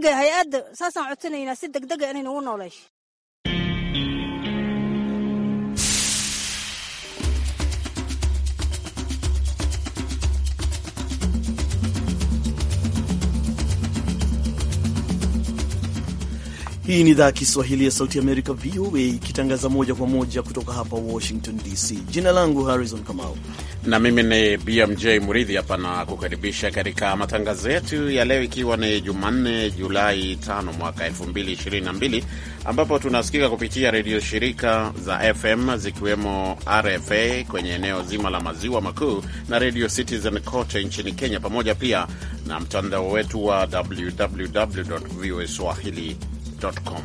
degdega hay-adda saasaan codsanaynaa si degdega inaynu ugu nooleesho Hii ni idhaa ya Kiswahili ya Sauti Amerika, VOA, ikitangaza moja kwa moja kutoka hapa Washington DC. Jina langu Harrison Kamau na mimi ni BMJ Muridhi hapa na kukaribisha katika matangazo yetu ya leo, ikiwa ni Jumanne Julai 5 mwaka 2022, ambapo tunasikika kupitia redio shirika za FM zikiwemo RFA kwenye eneo zima la maziwa makuu na redio Citizen kote nchini Kenya, pamoja pia na mtandao wetu wa www voa swahili voaswahili.com.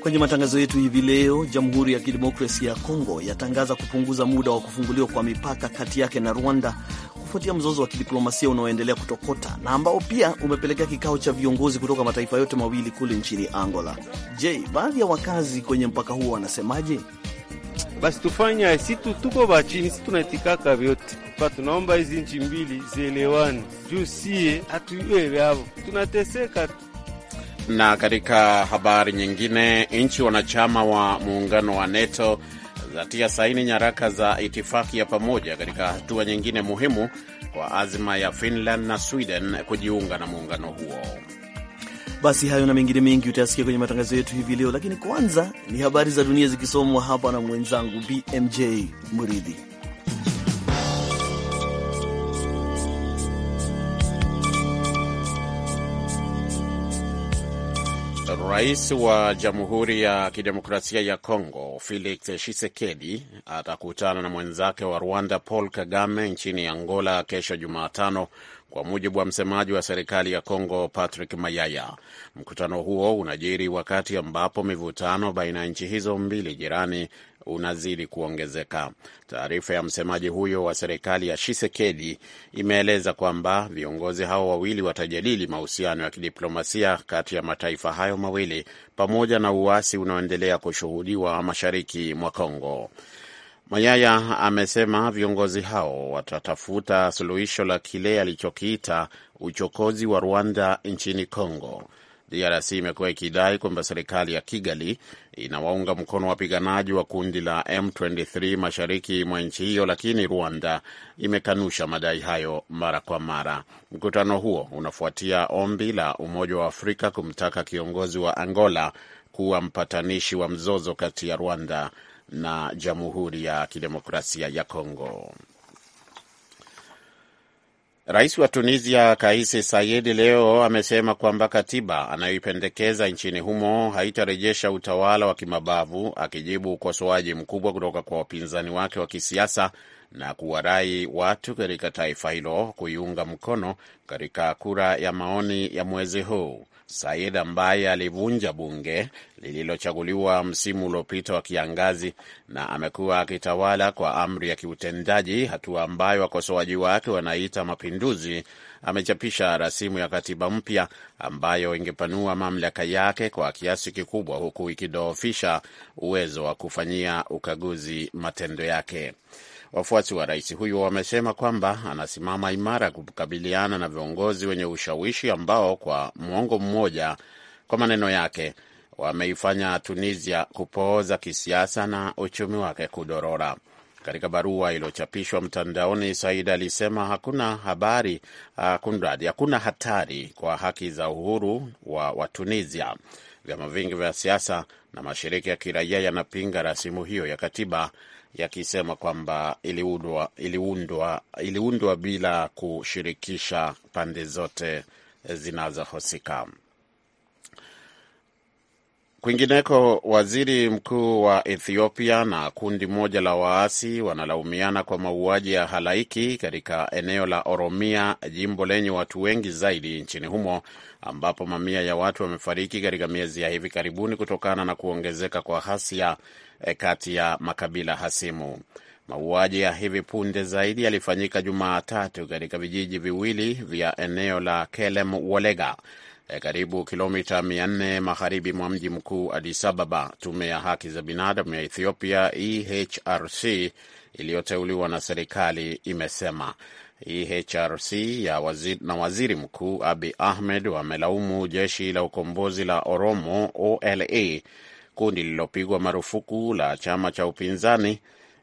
Kwenye matangazo yetu hivi leo, Jamhuri ya Kidemokrasia ya Kongo yatangaza kupunguza muda wa kufunguliwa kwa mipaka kati yake na Rwanda kufuatia mzozo wa kidiplomasia unaoendelea kutokota na ambao pia umepelekea kikao cha viongozi kutoka mataifa yote mawili kule nchini Angola. Je, baadhi ya wakazi kwenye mpaka huo wanasemaje? basi tufanya situ tuko bachini, si tunaitikaka vyote pa, tunaomba hizi nchi mbili zielewane juu sie hatuiwe vyavo, tunateseka. Na katika habari nyingine, nchi wanachama wa muungano wa NATO zatia saini nyaraka za itifaki ya pamoja katika hatua nyingine muhimu kwa azma ya Finland na Sweden kujiunga na muungano huo. Basi hayo na mengine mengi utayasikia kwenye matangazo yetu hivi leo, lakini kwanza ni habari za dunia zikisomwa hapa na mwenzangu BMJ Muridhi. Rais wa Jamhuri ya Kidemokrasia ya Kongo Felix Tshisekedi atakutana na mwenzake wa Rwanda Paul Kagame nchini Angola kesho Jumatano, kwa mujibu wa msemaji wa serikali ya Kongo Patrick Mayaya. Mkutano huo unajiri wakati ambapo mivutano baina ya nchi hizo mbili jirani unazidi kuongezeka. Taarifa ya msemaji huyo wa serikali ya Shisekedi imeeleza kwamba viongozi hao wawili watajadili mahusiano ya kidiplomasia kati ya mataifa hayo mawili pamoja na uasi unaoendelea kushuhudiwa mashariki mwa Kongo. Mayaya amesema viongozi hao watatafuta suluhisho la kile alichokiita uchokozi wa Rwanda nchini Kongo. DRC imekuwa ikidai kwamba serikali ya Kigali inawaunga mkono wapiganaji wa kundi la M23 mashariki mwa nchi hiyo, lakini Rwanda imekanusha madai hayo mara kwa mara. Mkutano huo unafuatia ombi la Umoja wa Afrika kumtaka kiongozi wa Angola kuwa mpatanishi wa mzozo kati ya Rwanda na Jamhuri ya Kidemokrasia ya Kongo. Rais wa Tunisia Kais Saied leo amesema kwamba katiba anayoipendekeza nchini humo haitarejesha utawala wa kimabavu, akijibu ukosoaji mkubwa kutoka kwa wapinzani wake wa kisiasa na kuwarai watu katika taifa hilo kuiunga mkono katika kura ya maoni ya mwezi huu. Said ambaye alivunja bunge lililochaguliwa msimu uliopita wa kiangazi na amekuwa akitawala kwa amri ya kiutendaji, hatua ambayo wakosoaji wake wanaita mapinduzi, amechapisha rasimu ya katiba mpya ambayo ingepanua mamlaka yake kwa kiasi kikubwa, huku ikidhoofisha uwezo wa kufanyia ukaguzi matendo yake. Wafuasi wa rais huyu wamesema kwamba anasimama imara kukabiliana na viongozi wenye ushawishi ambao kwa mwongo mmoja, kwa maneno yake, wameifanya Tunisia kupooza kisiasa na uchumi wake kudorora. Katika barua iliyochapishwa mtandaoni, Said alisema hakuna habari uh, kunradi, hakuna hatari kwa haki za uhuru wa Watunisia. Vyama vingi vya siasa na mashirika ya kiraia yanapinga rasimu hiyo ya katiba yakisema kwamba iliundwa, iliundwa, iliundwa bila kushirikisha pande zote zinazohusika. Kwingineko, waziri mkuu wa Ethiopia na kundi moja la waasi wanalaumiana kwa mauaji ya halaiki katika eneo la Oromia, jimbo lenye watu wengi zaidi nchini humo, ambapo mamia ya watu wamefariki katika miezi ya hivi karibuni kutokana na kuongezeka kwa ghasia eh, kati ya makabila hasimu. Mauaji ya hivi punde zaidi yalifanyika Jumatatu katika vijiji viwili vya eneo la Kelem Wolega E, karibu kilomita 400 magharibi mwa mji mkuu Addis Ababa. Tume ya haki za binadamu ya Ethiopia, EHRC, iliyoteuliwa na serikali imesema EHRC ya waziri, na waziri mkuu Abi Ahmed wamelaumu jeshi la ukombozi la Oromo OLA, kundi lililopigwa marufuku la chama cha upinzani,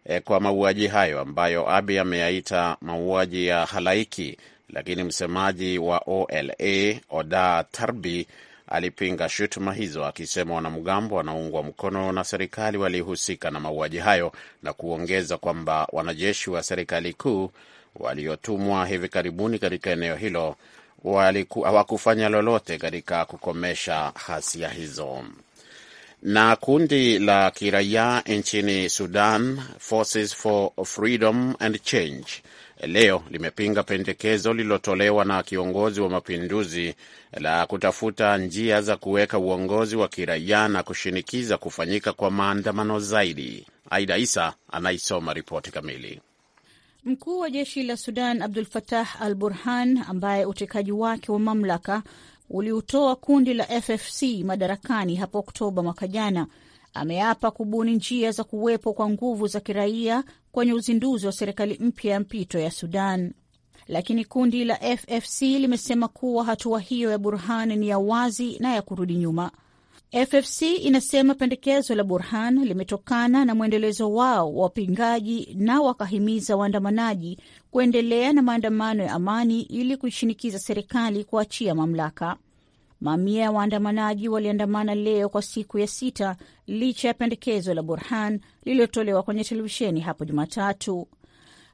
e, kwa mauaji hayo ambayo Abi ameyaita mauaji ya halaiki lakini msemaji wa OLA Oda Tarbi alipinga shutuma hizo akisema wanamgambo wanaungwa mkono na serikali walihusika na mauaji hayo na kuongeza kwamba wanajeshi wa serikali kuu waliotumwa hivi karibuni katika eneo hilo hawakufanya lolote katika kukomesha ghasia hizo. Na kundi la kiraia nchini Sudan, Forces for Freedom and Change leo limepinga pendekezo lililotolewa na kiongozi wa mapinduzi la kutafuta njia za kuweka uongozi wa kiraia na kushinikiza kufanyika kwa maandamano zaidi. Aida Isa anaisoma ripoti kamili. Mkuu wa jeshi la Sudan Abdul Fatah Al Burhan, ambaye utekaji wake wa mamlaka uliutoa kundi la FFC madarakani hapo Oktoba mwaka jana, ameapa kubuni njia za kuwepo kwa nguvu za kiraia kwenye uzinduzi wa serikali mpya ya mpito ya Sudan, lakini kundi la FFC limesema kuwa hatua hiyo ya Burhan ni ya wazi na ya kurudi nyuma. FFC inasema pendekezo la Burhan limetokana na mwendelezo wao wa wapingaji na wakahimiza waandamanaji kuendelea na maandamano ya amani ili kuishinikiza serikali kuachia mamlaka. Mamia ya waandamanaji waliandamana leo kwa siku ya sita licha ya pendekezo la Burhan lililotolewa kwenye televisheni hapo Jumatatu.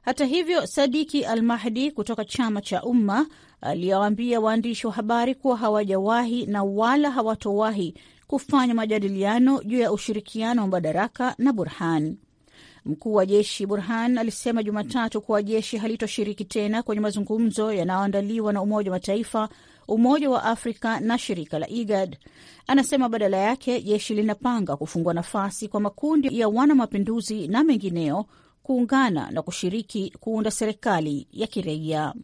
Hata hivyo, Sadiki Al Mahdi kutoka chama cha Umma aliyewaambia waandishi wa habari kuwa hawajawahi na wala hawatowahi kufanya majadiliano juu ya ushirikiano wa madaraka na Burhan. Mkuu wa jeshi Burhan alisema Jumatatu kuwa jeshi halitoshiriki tena kwenye mazungumzo yanayoandaliwa na Umoja wa Mataifa Umoja wa Afrika na shirika la IGAD. Anasema badala yake jeshi linapanga kufungua nafasi kwa makundi ya wanamapinduzi na mengineo kuungana na kushiriki kuunda serikali ya kiraia.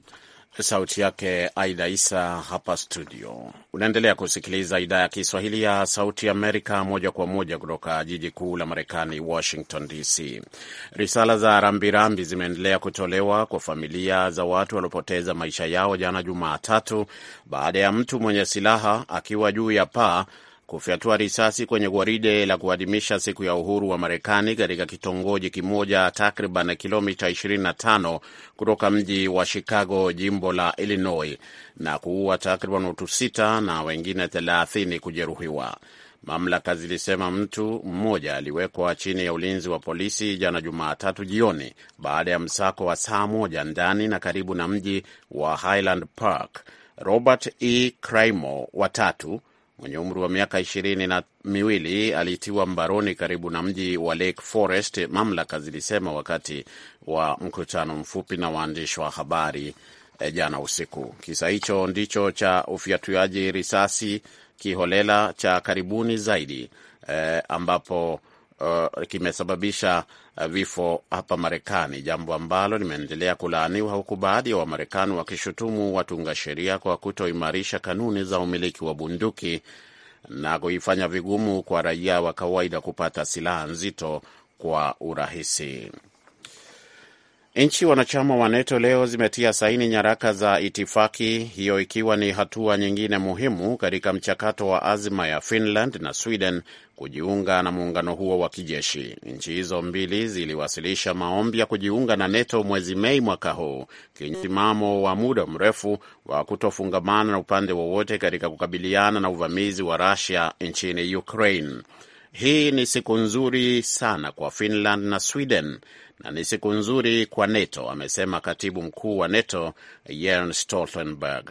Sauti yake Aida Isa hapa studio. Unaendelea kusikiliza idhaa ya Kiswahili ya Sauti Amerika moja kwa moja kutoka jiji kuu la Marekani, Washington DC. Risala za rambirambi zimeendelea kutolewa kwa familia za watu waliopoteza maisha yao jana Jumatatu, baada ya mtu mwenye silaha akiwa juu ya paa kufyatua risasi kwenye gwaride la kuadhimisha siku ya uhuru wa Marekani katika kitongoji kimoja takriban kilomita 25 kutoka mji wa Chicago, jimbo la Illinois, na kuua takriban watu sita na wengine 30 kujeruhiwa. Mamlaka zilisema mtu mmoja aliwekwa chini ya ulinzi wa polisi jana Jumatatu jioni baada ya msako wa saa moja ndani na karibu na mji wa Highland Park. Robert E. Crimo watatu mwenye umri wa miaka ishirini na miwili alitiwa mbaroni karibu na mji wa Lake Forest, mamlaka zilisema wakati wa mkutano mfupi na waandishi wa habari e, jana usiku. Kisa hicho ndicho cha ufiatuaji risasi kiholela cha karibuni zaidi eh, ambapo uh, kimesababisha uh, vifo hapa Marekani, jambo ambalo limeendelea kulaaniwa huku baadhi ya Wamarekani wakishutumu watunga sheria kwa kutoimarisha kanuni za umiliki wa bunduki na kuifanya vigumu kwa raia wa kawaida kupata silaha nzito kwa urahisi. Nchi wanachama wa NATO leo zimetia saini nyaraka za itifaki hiyo, ikiwa ni hatua nyingine muhimu katika mchakato wa azma ya Finland na Sweden kujiunga na muungano huo wa kijeshi. Nchi hizo mbili ziliwasilisha maombi ya kujiunga na NATO mwezi Mei mwaka huu, kimsimamo wa muda mrefu wa kutofungamana na upande wowote katika kukabiliana na uvamizi wa Rusia nchini Ukraine. Hii ni siku nzuri sana kwa Finland na Sweden na ni siku nzuri kwa NATO, amesema katibu mkuu wa NATO Jens Stoltenberg.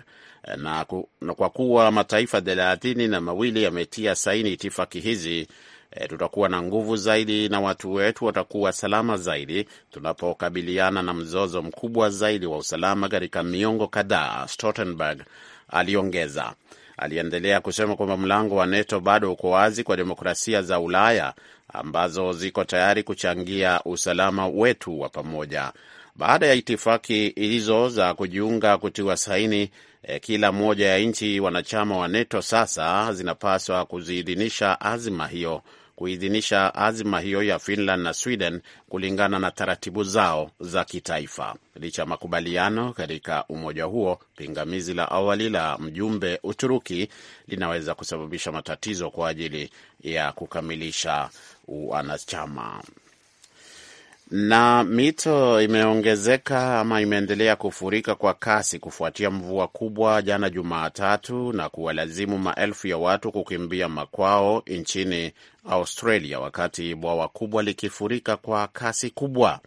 Na kwa kuwa mataifa thelathini na mawili yametia saini itifaki hizi E, tutakuwa na nguvu zaidi na watu wetu watakuwa salama zaidi tunapokabiliana na mzozo mkubwa zaidi wa usalama katika miongo kadhaa, Stoltenberg aliongeza. Aliendelea kusema kwamba mlango wa NATO bado uko wazi kwa demokrasia za Ulaya ambazo ziko tayari kuchangia usalama wetu wa pamoja. Baada ya itifaki hizo za kujiunga kutiwa saini, e, kila moja ya nchi wanachama wa NATO sasa zinapaswa kuziidhinisha azima hiyo kuidhinisha azima hiyo ya Finland na Sweden kulingana na taratibu zao za kitaifa. Licha ya makubaliano katika umoja huo, pingamizi la awali la mjumbe Uturuki linaweza kusababisha matatizo kwa ajili ya kukamilisha uanachama. Na mito imeongezeka ama imeendelea kufurika kwa kasi kufuatia mvua kubwa jana Jumatatu na kuwalazimu maelfu ya watu kukimbia makwao nchini Australia, wakati bwawa kubwa likifurika kwa kasi kubwa.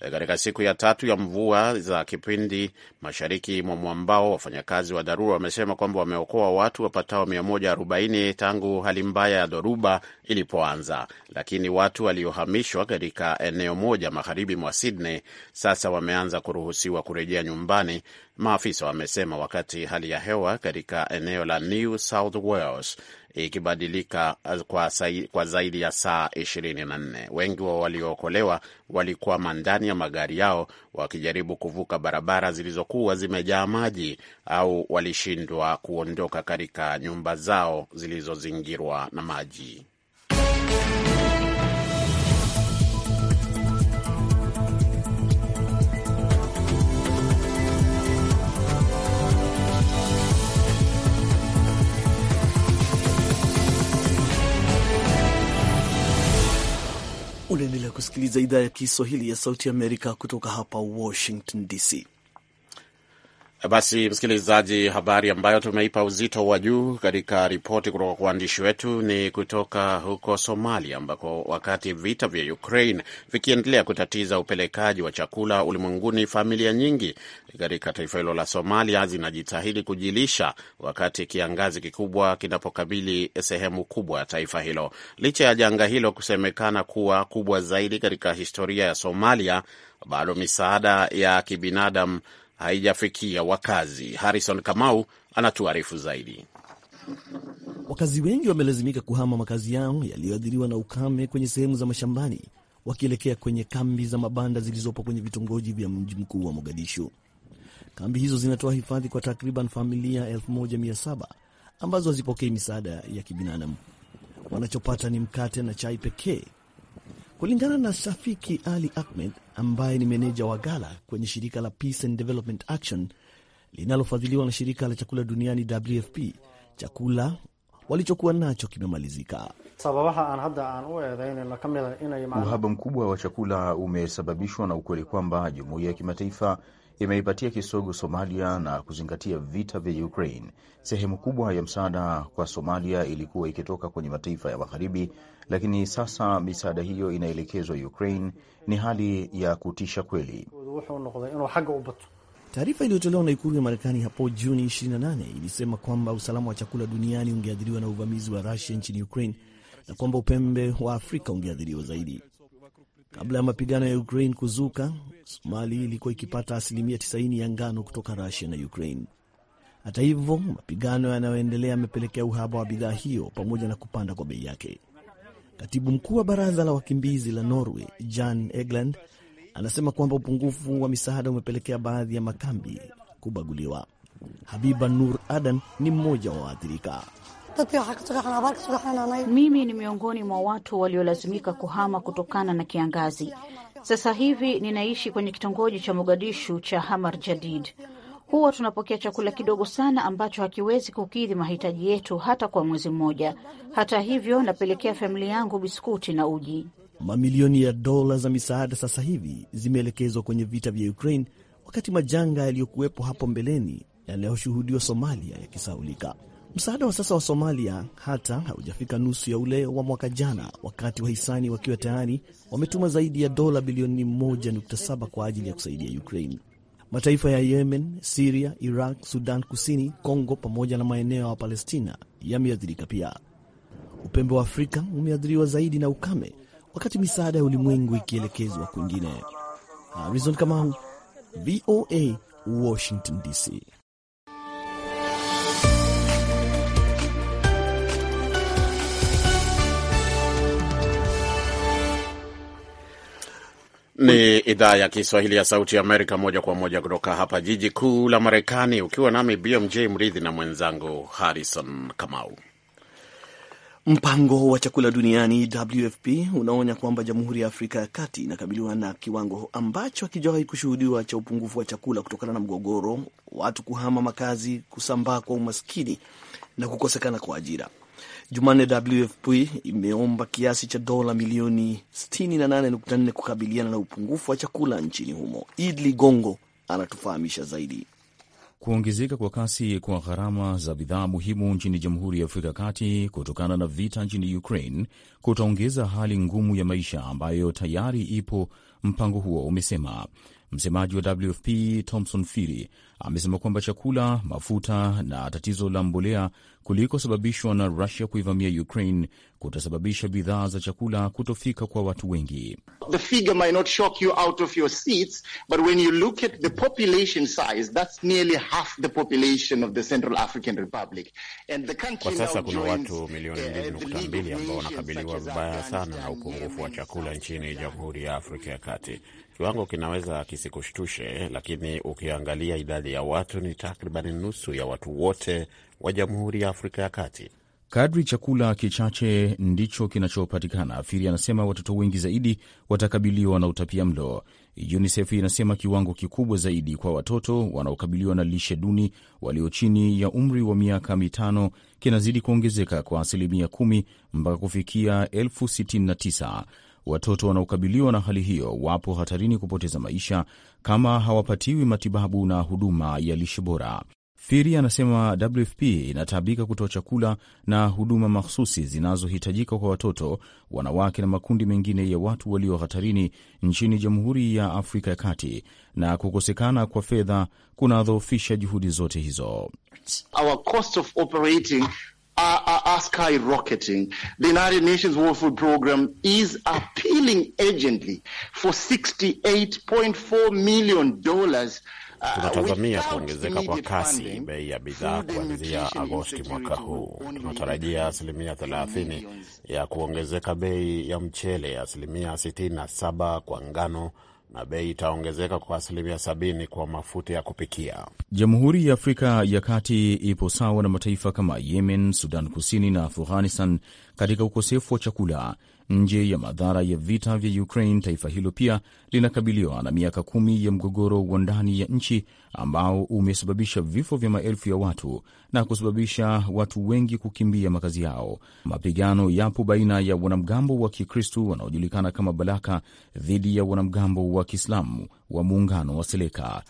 Eh, katika siku ya tatu ya mvua za kipindi mashariki mwa mwambao, wafanyakazi wa dharura wamesema kwamba wameokoa watu wapatao 140 tangu hali mbaya ya dhoruba ilipoanza, lakini watu waliohamishwa katika eneo moja magharibi mwa Sydney sasa wameanza kuruhusiwa kurejea nyumbani, maafisa wamesema, wakati hali ya hewa katika eneo la New South Wales ikibadilika kwa, kwa zaidi ya saa 24. Wengi wa waliookolewa walikwama ndani ya magari yao wakijaribu kuvuka barabara zilizokuwa zimejaa maji au walishindwa kuondoka katika nyumba zao zilizozingirwa na maji. unasikiliza idhaa ya Kiswahili ya Sauti Amerika kutoka hapa Washington DC. Basi msikilizaji, habari ambayo tumeipa uzito wa juu katika ripoti kutoka kwa waandishi wetu ni kutoka huko Somalia, ambako wakati vita vya Ukraine vikiendelea kutatiza upelekaji wa chakula ulimwenguni, familia nyingi katika taifa hilo la Somalia zinajitahidi kujilisha wakati kiangazi kikubwa kinapokabili sehemu kubwa ya taifa hilo. Licha ya janga hilo kusemekana kuwa kubwa zaidi katika historia ya Somalia, bado misaada ya kibinadamu haijafikia wakazi. Harrison Kamau anatuarifu zaidi. Wakazi wengi wamelazimika kuhama makazi yao yaliyoathiriwa na ukame kwenye sehemu za mashambani, wakielekea kwenye kambi za mabanda zilizopo kwenye vitongoji vya mji mkuu wa Mogadishu. Kambi hizo zinatoa hifadhi kwa takriban familia 1700 ambazo hazipokei misaada ya kibinadamu. Wanachopata ni mkate na chai pekee Kulingana na Safiki Ali Ahmed ambaye ni meneja wa gala kwenye shirika la Peace and Development Action linalofadhiliwa na shirika la chakula duniani WFP, chakula walichokuwa nacho kimemalizika. Uhaba mkubwa wa chakula umesababishwa na ukweli kwamba jumuiya ya kimataifa imeipatia kisogo Somalia na kuzingatia vita vya Ukraine. Sehemu kubwa ya msaada kwa Somalia ilikuwa ikitoka kwenye mataifa ya Magharibi, lakini sasa misaada hiyo inaelekezwa Ukraine. Ni hali ya kutisha kweli. Taarifa iliyotolewa na ikulu ya Marekani hapo Juni 28 ilisema kwamba usalama wa chakula duniani ungeathiriwa na uvamizi wa Rusia nchini Ukraine na kwamba upembe wa Afrika ungeathiriwa zaidi. Kabla ya mapigano ya Ukraine kuzuka, Somali ilikuwa ikipata asilimia 90 ya ngano kutoka Rusia na Ukraine. Hata hivyo, mapigano yanayoendelea yamepelekea uhaba wa bidhaa hiyo pamoja na kupanda kwa bei yake. Katibu mkuu wa baraza la wakimbizi la Norway Jan Egeland anasema kwamba upungufu wa misaada umepelekea baadhi ya makambi kubaguliwa. Habiba Nur Adan ni mmoja wa waathirika. Mimi ni miongoni mwa watu waliolazimika kuhama kutokana na kiangazi. Sasa hivi ninaishi kwenye kitongoji cha Mogadishu cha Hamar Jadid. Huwa tunapokea chakula kidogo sana ambacho hakiwezi kukidhi mahitaji yetu hata kwa mwezi mmoja. Hata hivyo, napelekea familia yangu biskuti na uji. Mamilioni ya dola za misaada sasa hivi zimeelekezwa kwenye vita vya Ukraine, wakati majanga yaliyokuwepo hapo mbeleni yanayoshuhudiwa Somalia yakisaulika. Msaada wa sasa wa Somalia hata haujafika nusu ya ule wa mwaka jana, wakati wahisani wakiwa tayari wametuma zaidi ya dola bilioni 1.7 kwa ajili ya kusaidia Ukraine. Mataifa ya Yemen, Siria, Iraq, Sudan Kusini, Kongo pamoja na maeneo ya Palestina yameathirika pia. Upembe wa Afrika umeathiriwa zaidi na ukame, wakati misaada ya ulimwengu ikielekezwa kwingine. Harizon Kamau, VOA, Washington DC. Ni idhaa ya Kiswahili ya Sauti ya Amerika, moja kwa moja kutoka hapa jiji kuu la Marekani, ukiwa nami BMJ Mridhi na mwenzangu Harrison Kamau. Mpango wa chakula duniani WFP unaonya kwamba Jamhuri ya Afrika ya Kati inakabiliwa na kiwango ambacho hakijawahi kushuhudiwa cha upungufu wa chakula kutokana na mgogoro, watu kuhama makazi, kusambaa kwa umaskini na kukosekana kwa ajira. Jumanne, WFP imeomba kiasi cha dola milioni 68.4 kukabiliana na upungufu wa chakula nchini humo. Idli Gongo anatufahamisha zaidi. Kuongezeka kwa kasi kwa gharama za bidhaa muhimu nchini Jamhuri ya Afrika ya Kati kutokana na vita nchini Ukraine kutaongeza hali ngumu ya maisha ambayo tayari ipo, mpango huo umesema. Msemaji wa WFP Thompson Firi amesema kwamba chakula, mafuta na tatizo la mbolea kulikosababishwa na Rusia kuivamia Ukraine kutasababisha bidhaa za chakula kutofika kwa watu wengi. Kwa sasa kuna watu milioni eh, mbili nukta mbili ambao wanakabiliwa vibaya sana na upungufu wa chakula nchini Jamhuri ya Afrika ya Kati. Kiwango kinaweza kisikushtushe, lakini ukiangalia idadi ya watu ni takribani nusu ya watu wote wa Jamhuri ya Afrika ya Kati. Kadri chakula kichache ndicho kinachopatikana, Afiri anasema watoto wengi zaidi watakabiliwa na utapia mlo. UNICEF inasema kiwango kikubwa zaidi kwa watoto wanaokabiliwa na lishe duni walio chini ya umri wa miaka mitano kinazidi kuongezeka kwa asilimia kumi mpaka kufikia elfu sitini na tisa. Watoto wanaokabiliwa na hali hiyo wapo hatarini kupoteza maisha kama hawapatiwi matibabu na huduma ya lishe bora. Firi anasema WFP inataabika kutoa chakula na huduma mahsusi zinazohitajika kwa watoto, wanawake na makundi mengine ya watu walio hatarini nchini Jamhuri ya Afrika ya Kati, na kukosekana kwa fedha kunadhoofisha juhudi zote hizo. Our cost of operating are, are, are skyrocketing. The United Nations World Food Program is appealing urgently for 68.4 million dollars Tunatazamia uh, kuongezeka kwa kasi bei ya bidhaa kuanzia Agosti mwaka huu. Tunatarajia asilimia thelathini ya kuongezeka bei ya mchele, asilimia 67 kwa ngano na bei itaongezeka kwa asilimia sabini kwa mafuta ya kupikia. Jamhuri ya Afrika ya Kati ipo sawa na mataifa kama Yemen, Sudan Kusini na Afghanistan katika ukosefu wa chakula. Nje ya madhara ya vita vya Ukraine, taifa hilo pia linakabiliwa na miaka kumi ya mgogoro wa ndani ya nchi ambao umesababisha vifo vya maelfu ya watu na kusababisha watu wengi kukimbia makazi yao. Mapigano yapo baina ya wanamgambo wa Kikristu wanaojulikana kama Balaka dhidi ya wanamgambo wa Kiislamu wa muungano wa Seleka.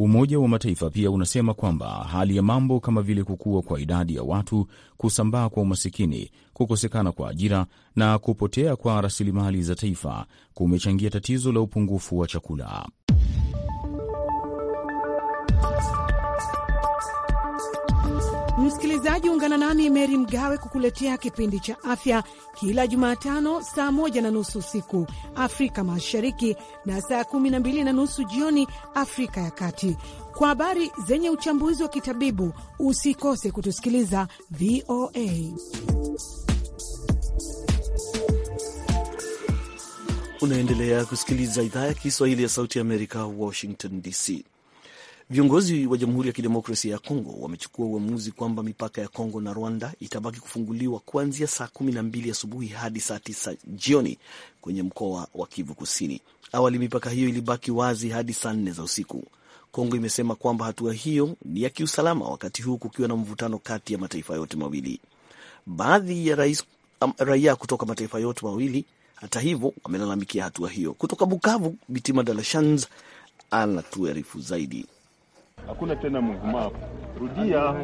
Umoja wa Mataifa pia unasema kwamba hali ya mambo kama vile kukua kwa idadi ya watu, kusambaa kwa umasikini, kukosekana kwa ajira na kupotea kwa rasilimali za taifa kumechangia tatizo la upungufu wa chakula. Msikilizaji, ungana nami Meri Mgawe kukuletea kipindi cha afya kila Jumatano saa moja na nusu usiku Afrika Mashariki na saa kumi na mbili na nusu jioni Afrika ya Kati. Kwa habari zenye uchambuzi wa kitabibu, usikose kutusikiliza VOA. Unaendelea kusikiliza idhaa ya Kiswahili ya Sauti ya Amerika, Washington DC. Viongozi wa Jamhuri ya Kidemokrasia ya Kongo wamechukua uamuzi kwamba mipaka ya Kongo na Rwanda itabaki kufunguliwa kuanzia saa kumi na mbili asubuhi hadi saa tisa jioni kwenye mkoa wa Kivu Kusini. Awali mipaka hiyo ilibaki wazi hadi saa nne za usiku. Kongo imesema kwamba hatua hiyo ni ya kiusalama, wakati huu kukiwa na mvutano kati ya mataifa yote mawili. Baadhi ya rais, um, raia kutoka mataifa yote mawili hata hivyo wamelalamikia hatua hiyo. Kutoka Bukavu, Bitima Dalashans anatuarifu zaidi. Hakuna tena mgumavu. Rudia,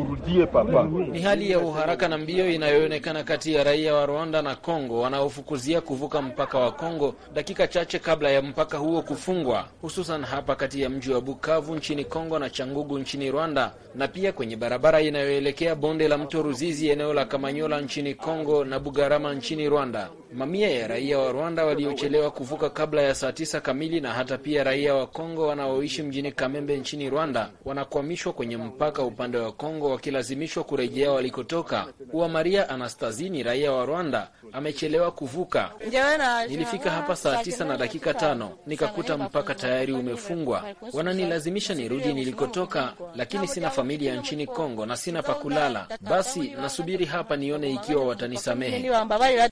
urudie papa. Ni hali ya uharaka na mbio inayoonekana kati ya raia wa Rwanda na Kongo wanaofukuzia kuvuka mpaka wa Kongo dakika chache kabla ya mpaka huo kufungwa, hususan hapa kati ya mji wa Bukavu nchini Kongo na Changugu nchini Rwanda, na pia kwenye barabara inayoelekea bonde la mto Ruzizi eneo la Kamanyola nchini Kongo na Bugarama nchini Rwanda. Mamia ya raia wa Rwanda waliochelewa kuvuka kabla ya saa tisa kamili na hata pia raia wa Kongo wanaoishi mjini Kamembe nchini Rwanda wanakwamishwa kwenye mpaka upande wa Kongo wakilazimishwa kurejea walikotoka. Uwa Maria Anastazini, raia wa Rwanda, amechelewa kuvuka. Nilifika hapa saa tisa na dakika tano nikakuta mpaka tayari umefungwa. Wananilazimisha nirudi nilikotoka, lakini sina familia nchini Kongo na sina pakulala. Basi nasubiri hapa nione ikiwa watanisamehe.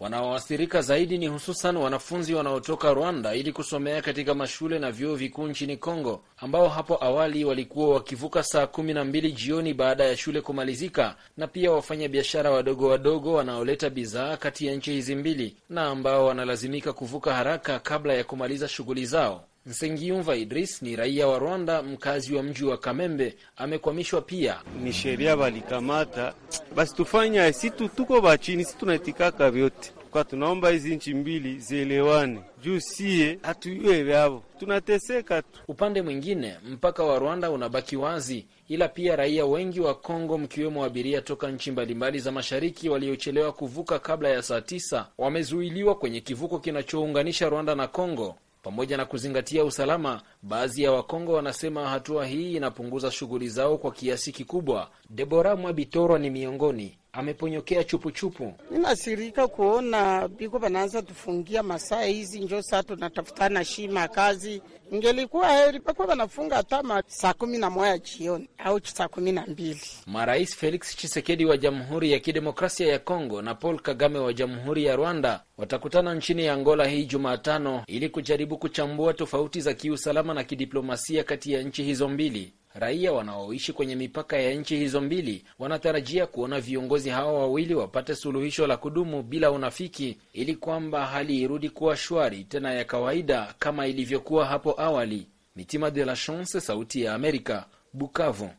Wanaoathirika zaidi ni hususan wanafunzi wanaotoka Rwanda ili kusomea katika mashule na vyuo vikuu nchini Kongo ambao hapo awali walikuwa wakivuka saa kumi na mbili jioni baada ya shule kumalizika, na pia wafanya biashara wadogo wadogo wanaoleta bidhaa kati ya nchi hizi mbili na ambao wanalazimika kuvuka haraka kabla ya kumaliza shughuli zao. Nsengiyumva Idris ni raia wa Rwanda, mkazi wa mji wa Kamembe, amekwamishwa pia. Ni sheria walikamata, basi tufanya situ tuko bachini, si tunaitikaka vyote kwa tunaomba hizi nchi mbili zielewane juu sie hatuiwe havo, tunateseka tu. Upande mwingine mpaka wa Rwanda unabaki wazi, ila pia raia wengi wa Kongo mkiwemo abiria toka nchi mbalimbali za mashariki waliochelewa kuvuka kabla ya saa tisa wamezuiliwa kwenye kivuko kinachounganisha Rwanda na Kongo. Pamoja na kuzingatia usalama, baadhi ya Wakongo wanasema hatua hii inapunguza shughuli zao kwa kiasi kikubwa. Debora Mwabitorwa ni miongoni ameponyokea chupuchupu. Ninasirika kuona biko banaanza tufungia masaa hizi, njo saa tunatafutana shima kazi Ingelikuwa heri pakuwa wanafunga hata saa kumi na moja jioni au saa kumi na mbili. Marais Felix Chisekedi wa Jamhuri ya Kidemokrasia ya Kongo na Paul Kagame wa Jamhuri ya Rwanda watakutana nchini ya Angola hii Jumatano ili kujaribu kuchambua tofauti za kiusalama na kidiplomasia kati ya nchi hizo mbili. Raia wanaoishi kwenye mipaka ya nchi hizo mbili wanatarajia kuona viongozi hawa wawili wapate suluhisho la kudumu bila unafiki, ili kwamba hali irudi kuwa shwari tena ya kawaida kama ilivyokuwa hapo hapo awali. Mitima de la Chance, Sauti ya Amerika, Bukavu.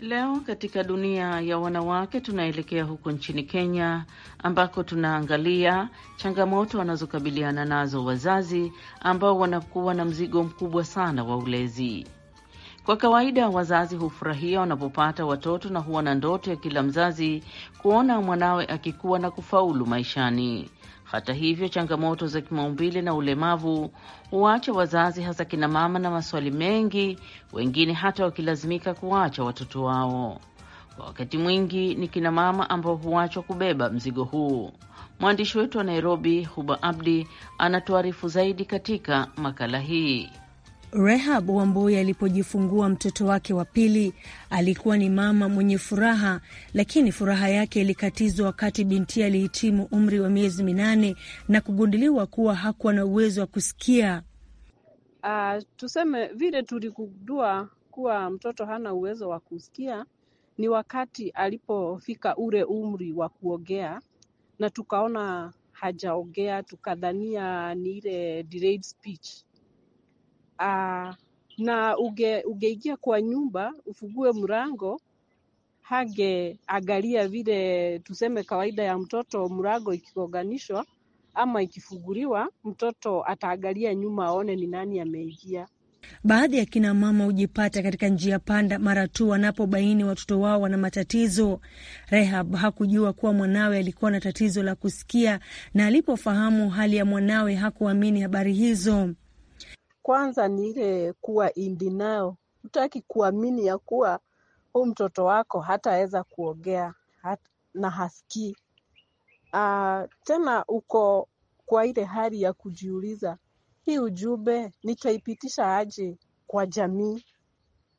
Leo katika dunia ya wanawake tunaelekea huko nchini Kenya ambako tunaangalia changamoto wanazokabiliana nazo wazazi ambao wanakuwa na mzigo mkubwa sana wa ulezi. Kwa kawaida wazazi hufurahia wanapopata watoto na huwa na ndoto ya kila mzazi kuona mwanawe akikuwa na kufaulu maishani. Hata hivyo, changamoto za kimaumbile na ulemavu huwacha wazazi, hasa kina mama, na maswali mengi, wengine hata wakilazimika kuwacha watoto wao. Kwa wakati mwingi ni kina mama ambao huachwa kubeba mzigo huu. Mwandishi wetu wa Nairobi, Huba Abdi, anatuarifu zaidi katika makala hii. Rehab Wambui alipojifungua mtoto wake wa pili alikuwa ni mama mwenye furaha, lakini furaha yake ilikatizwa wakati binti alihitimu umri wa miezi minane na kugunduliwa kuwa hakuwa na uwezo wa kusikia. Uh, tuseme vile tulikudua kuwa mtoto hana uwezo wa kusikia ni wakati alipofika ule umri wa kuongea, na tukaona hajaongea, tukadhania ni ile delayed speech uh, na uge, ugeingia kwa nyumba ufugue mrango hage agalia vile tuseme kawaida ya mtoto, mrango ikigonganishwa ama ikifuguriwa mtoto ataangalia nyuma aone ni nani ameingia. Baadhi ya kina mama hujipata katika njia panda mara tu wanapobaini watoto wao wana matatizo. Rehab hakujua kuwa mwanawe alikuwa na tatizo la kusikia, na alipofahamu hali ya mwanawe hakuamini habari hizo kwanza ni ile kuwa indinao, denial. Hutaki kuamini ya kuwa huu mtoto wako hataweza kuogea hat, na hasikii. Uh, tena uko kwa ile hali ya kujiuliza, hii ujumbe nitaipitisha aje kwa jamii?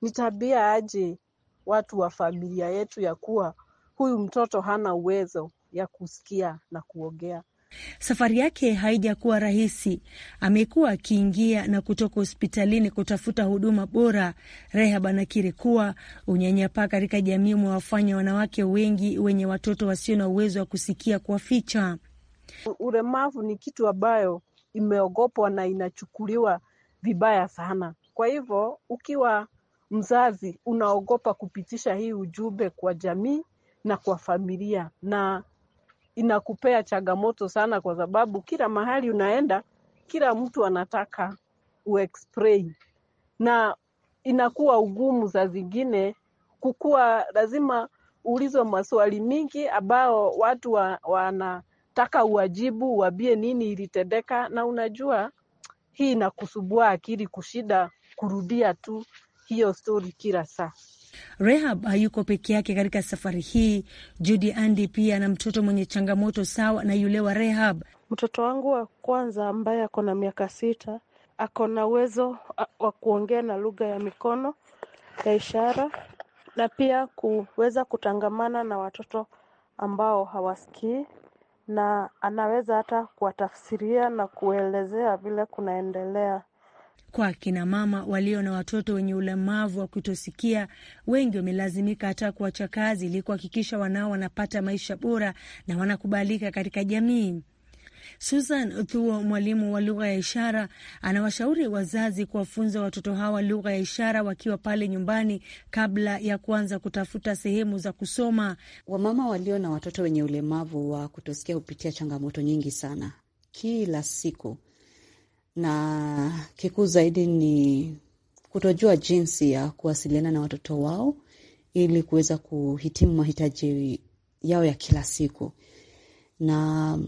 Nitabia aje watu wa familia yetu ya kuwa huyu mtoto hana uwezo ya kusikia na kuogea Safari yake haijakuwa rahisi. Amekuwa akiingia na kutoka hospitalini kutafuta huduma bora. Rehab anakiri kuwa unyanyapaa katika jamii umewafanya wanawake wengi wenye watoto wasio na uwezo wa kusikia kuwaficha. ulemavu ni kitu ambayo imeogopwa na inachukuliwa vibaya sana. Kwa hivyo ukiwa mzazi unaogopa kupitisha hii ujumbe kwa jamii na kwa familia, na inakupea changamoto sana, kwa sababu kila mahali unaenda, kila mtu anataka uexplain, na inakuwa ugumu saa zingine kukuwa, lazima ulizwe maswali mingi ambao watu wa, wanataka uwajibu, wabie nini ilitendeka, na unajua hii inakusubua akili kushida kurudia tu hiyo stori kila saa. Rehab hayuko peke yake katika safari hii. judi andi pia ana mtoto mwenye changamoto sawa na yule wa Rehab. Mtoto wangu wa kwanza ambaye ako na miaka sita ako na uwezo wa kuongea na lugha ya mikono ya ishara na pia kuweza kutangamana na watoto ambao hawasikii na anaweza hata kuwatafsiria na kuelezea vile kunaendelea. Kwa kina mama walio na watoto wenye ulemavu wa kutosikia, wengi wamelazimika hata kuacha kazi ili kuhakikisha wanao wanapata maisha bora na wanakubalika katika jamii. Susan Thuo, mwalimu wa lugha ya ishara, anawashauri wazazi kuwafunza watoto hawa lugha ya ishara wakiwa pale nyumbani kabla ya kuanza kutafuta sehemu za kusoma. Wamama walio na watoto wenye ulemavu wa kutosikia hupitia changamoto nyingi sana kila siku na kikuu zaidi ni kutojua jinsi ya kuwasiliana na watoto wao ili kuweza kuhitimu mahitaji yao ya kila siku. Na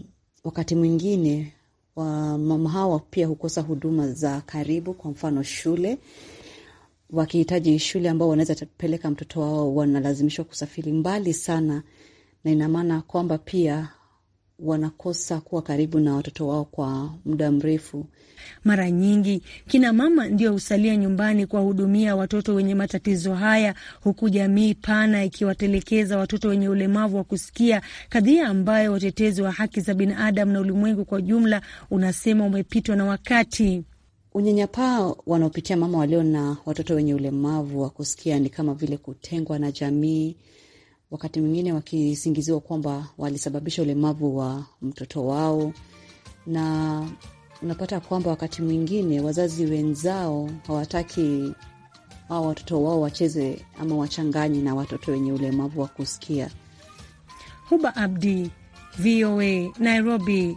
wakati mwingine mama hawa pia hukosa huduma za karibu, kwa mfano shule. Wakihitaji shule ambao wanaweza peleka mtoto wao, wanalazimishwa kusafiri mbali sana, na ina maana kwamba pia wanakosa kuwa karibu na watoto wao kwa muda mrefu. Mara nyingi kina mama ndio husalia nyumbani kuwahudumia watoto wenye matatizo haya, huku jamii pana ikiwatelekeza watoto wenye ulemavu wa kusikia, kadhia ambayo watetezi wa haki za binadamu na ulimwengu kwa jumla unasema umepitwa na wakati. Unyanyapaa wanaopitia mama walio na watoto wenye ulemavu wa kusikia ni kama vile kutengwa na jamii wakati mwingine wakisingiziwa kwamba walisababisha ulemavu wa mtoto wao, na unapata kwamba wakati mwingine wazazi wenzao hawataki au watoto wao wacheze ama wachanganye na watoto wenye ulemavu wa kusikia. Huba Abdi, VOA Nairobi.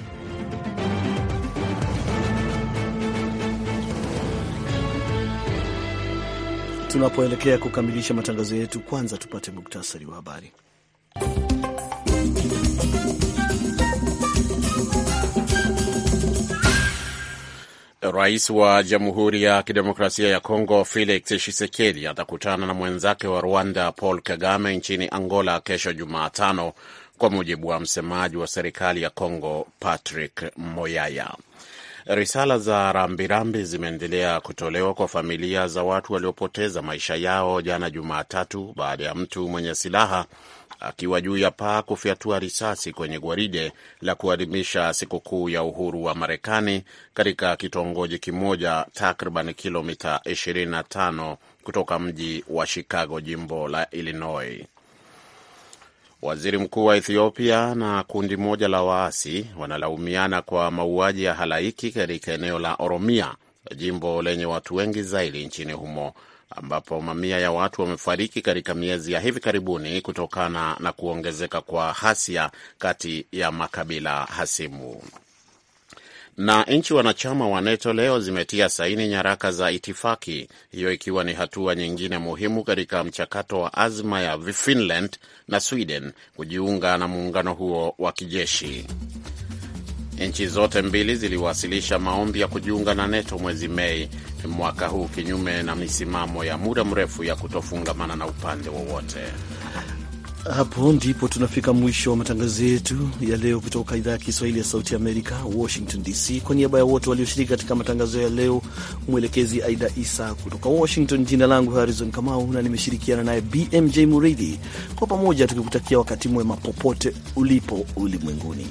Tunapoelekea kukamilisha matangazo yetu, kwanza tupate muktasari wa habari. Rais wa Jamhuri ya Kidemokrasia ya Kongo Felix Tshisekedi atakutana na mwenzake wa Rwanda Paul Kagame nchini Angola kesho Jumatano, kwa mujibu wa msemaji wa serikali ya Kongo Patrick Moyaya. Risala za rambirambi zimeendelea kutolewa kwa familia za watu waliopoteza maisha yao jana Jumatatu baada ya mtu mwenye silaha akiwa juu ya paa kufyatua risasi kwenye gwaride la kuadhimisha sikukuu ya uhuru wa Marekani katika kitongoji kimoja takriban kilomita 25 kutoka mji wa Chicago, jimbo la Illinois. Waziri mkuu wa Ethiopia na kundi moja la waasi wanalaumiana kwa mauaji ya halaiki katika eneo la Oromia, jimbo lenye watu wengi zaidi nchini humo, ambapo mamia ya watu wamefariki katika miezi ya hivi karibuni kutokana na kuongezeka kwa hasia kati ya makabila hasimu. Na nchi wanachama wa NATO leo zimetia saini nyaraka za itifaki hiyo, ikiwa ni hatua nyingine muhimu katika mchakato wa azma ya Finland na Sweden kujiunga na muungano huo wa kijeshi. Nchi zote mbili ziliwasilisha maombi ya kujiunga na NATO mwezi Mei mwaka huu, kinyume na misimamo ya muda mrefu ya kutofungamana na upande wowote. Hapo ndipo tunafika mwisho wa matangazo yetu ya leo kutoka idhaa ya Kiswahili ya Sauti Amerika, Washington DC. Kwa niaba ya wote walioshiriki katika matangazo ya leo, mwelekezi Aida Isa kutoka Washington, jina langu Harrison Kamau na nimeshirikiana naye BMJ Muridhi, kwa pamoja tukikutakia wakati mwema popote ulipo ulimwenguni.